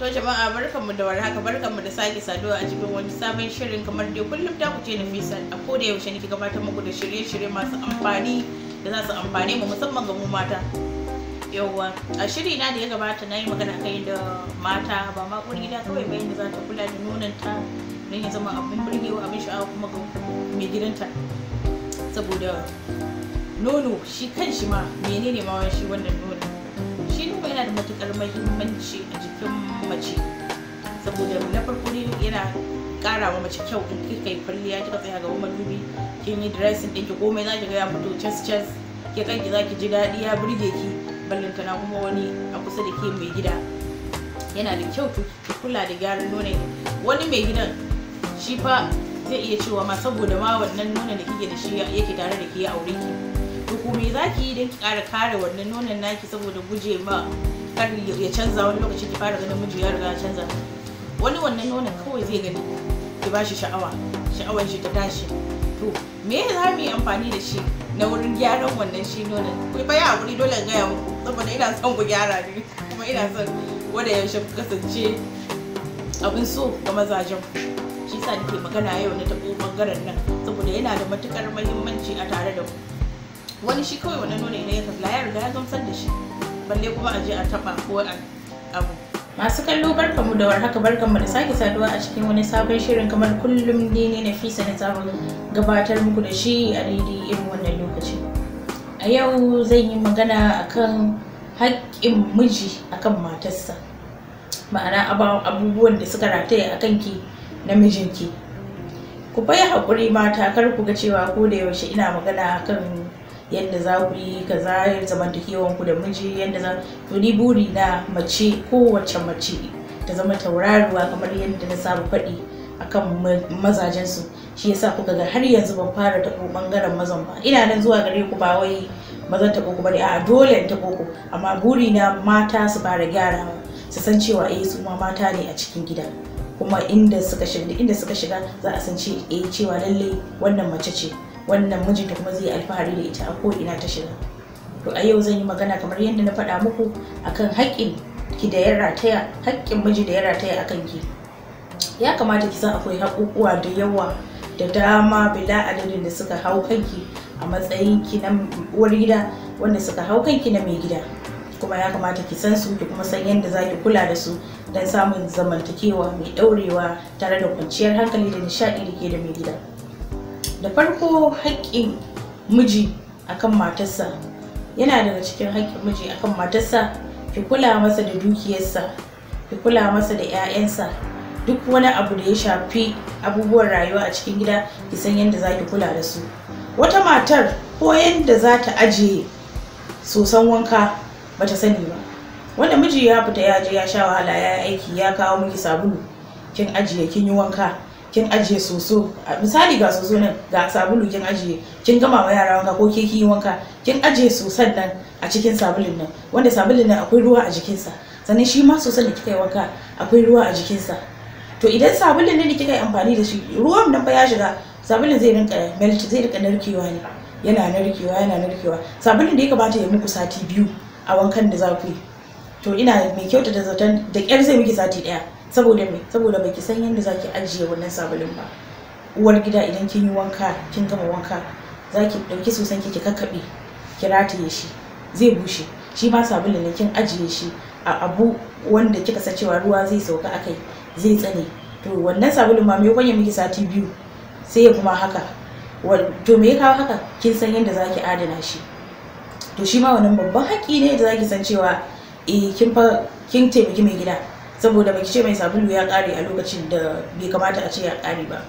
To jama'a barkanmu da warhaka barkanmu da sake saduwa a cikin wani sabon shirin kamar dai kullum ta kuce na fisa a koda yaushe nake gabatar muku da shirye-shirye masu amfani da za su amfane mu musamman ga mu mata. Yawwa a shiri na da ya gabata na yi magana kai da mata ba ma gida kawai bayan da za ta kula da ta don ya zama abin burgewa abin sha'awa kuma ga mai gidanta saboda nono shi kan shi ma menene ma shi wannan nono yana da matukar mahimmanci a jikin mace saboda na farko ne yana kara wa mace kyau in kika yi kwalliya kika tsaya gaban madubi kin yi dressing ki komai za ki ga ya fito chess-chess ke kanki za ji daɗi ya burge ki na kuma wani a kusa da ke mai gida yana da kyau ki kula da gyaran nonon wani mai gidan shi fa zai iya cewa ma saboda ma wannan nonon da kike da shi yake tare da ke ya aure ki hukumi me za ki yi don ki ƙara kare wannan nonon naki saboda guje ma kar ya canza wani lokaci ki fara ganin miji ya riga ya canza wani wannan nonon kawai zai gani ki bashi sha'awa sha'awar shi ta tashi to me za mu yi amfani da shi na wurin gyaran wannan shi nonon kai ya wuri dole in gaya muku saboda ina son ku gyara ne kuma ina son wanda yaushe ku kasance abin so ga mazajen shi sa nake magana yau na tabo bangaren nan saboda yana da matukar muhimmanci a tare da mu wani shi kawai wani nuni idan ya tafla ya riga ya gamsar da shi balle kuma a je a taba ko a abu masu kallo mu da warhaka mu da sake saduwa a cikin wani sabon shirin kamar kullum ne ne na fisa na zamu gabatar muku da shi a daidai irin wannan lokaci a yau zan yi magana akan haƙƙin miji akan matarsa ma'ana abubuwan da suka rataya a kanki na mijinki ku bai haƙuri mata kar ku ga cewa ko da yaushe ina magana akan yadda za ku yi kaza zamantakewan ku da miji yadda za to ni buri na mace kowace mace ta zama tauraruwa kamar yadda na saba faɗi akan mazajen su shi yasa kuka ga har yanzu ban fara tabo bangaren mazan ba ina nan zuwa gare ku ba wai mazan tabo ku bane a dole ta ku amma buri na mata su fara gyarawa su san cewa eh su ma mata ne a cikin gida kuma inda suka shiga za a san ce eh cewa lalle wannan mace ce wannan mijinta kuma zai alfahari da ita a ko ina ta shiga to a yau zan yi magana kamar yadda na faɗa muku akan haƙƙin ki da ya rataya haƙƙin miji da ya rataya akan ki ya kamata ki san akwai haƙuƙuwa da yawa da dama bila adadin da suka hau kanki a matsayin ki na uwar gida wanda suka hau kanki na mai gida kuma ya kamata ki san su ki kuma san yadda za ki kula da su dan samun zamantakewa mai ɗaurewa tare da kwanciyar hankali da nishaɗi da ke da mai gida. da farko haƙƙin miji akan matarsa yana daga cikin haƙƙin miji akan matarsa ki kula masa da dukiyarsa ki kula masa da 'ya'yansa duk wani abu da ya shafi abubuwan rayuwa a cikin gida ki san yadda za ki kula da su wata matar ko yadda za ta ajiye sosan wanka ba ta sani ba wanda miji ya fita ya je ya sha wahala ya aiki ya kawo miki sabulu kin ajiye kin yi wanka kin ajiye soso misali ga soso nan ga sabulu kin ajiye kin gama wa yara wanka ko ke yi wanka kin ajiye sosan nan a cikin sabulun nan wanda sabulun nan akwai ruwa a jikinsa sannan shi ma sosan da kika yi wanka akwai ruwa a jikinsa to idan sabulun ne da kika yi amfani da shi ruwan nan fa ya shiga sabulun zai rinka melt zai rinka narkewa ne yana narkewa yana narkewa sabulun da ya kamata ya muku sati biyu a wankan da za ku yi to ina mai kyauta da zaton da kyar zai miki sati daya saboda me saboda baki san yadda zaki ajiye wannan sabulun ba uwar gida idan kin yi wanka kin gama wanka zaki dauki sosan ki ki kakkabe ki rataye shi zai bushe shi ba sabulun ne kin ajiye shi a abu wanda kika sa cewa ruwa zai sauka akai zai tsane to wannan sabulun ma me kwanye miki sati biyu sai ya kuma haka to me ya kawo haka kin san yadda zaki adana shi to shi ma wannan babban haƙƙi ne da zaki san cewa eh kin fa kin taimaki mai gida saboda baki ce mai sabulu ya kare a lokacin da bai kamata a ce ya kare ba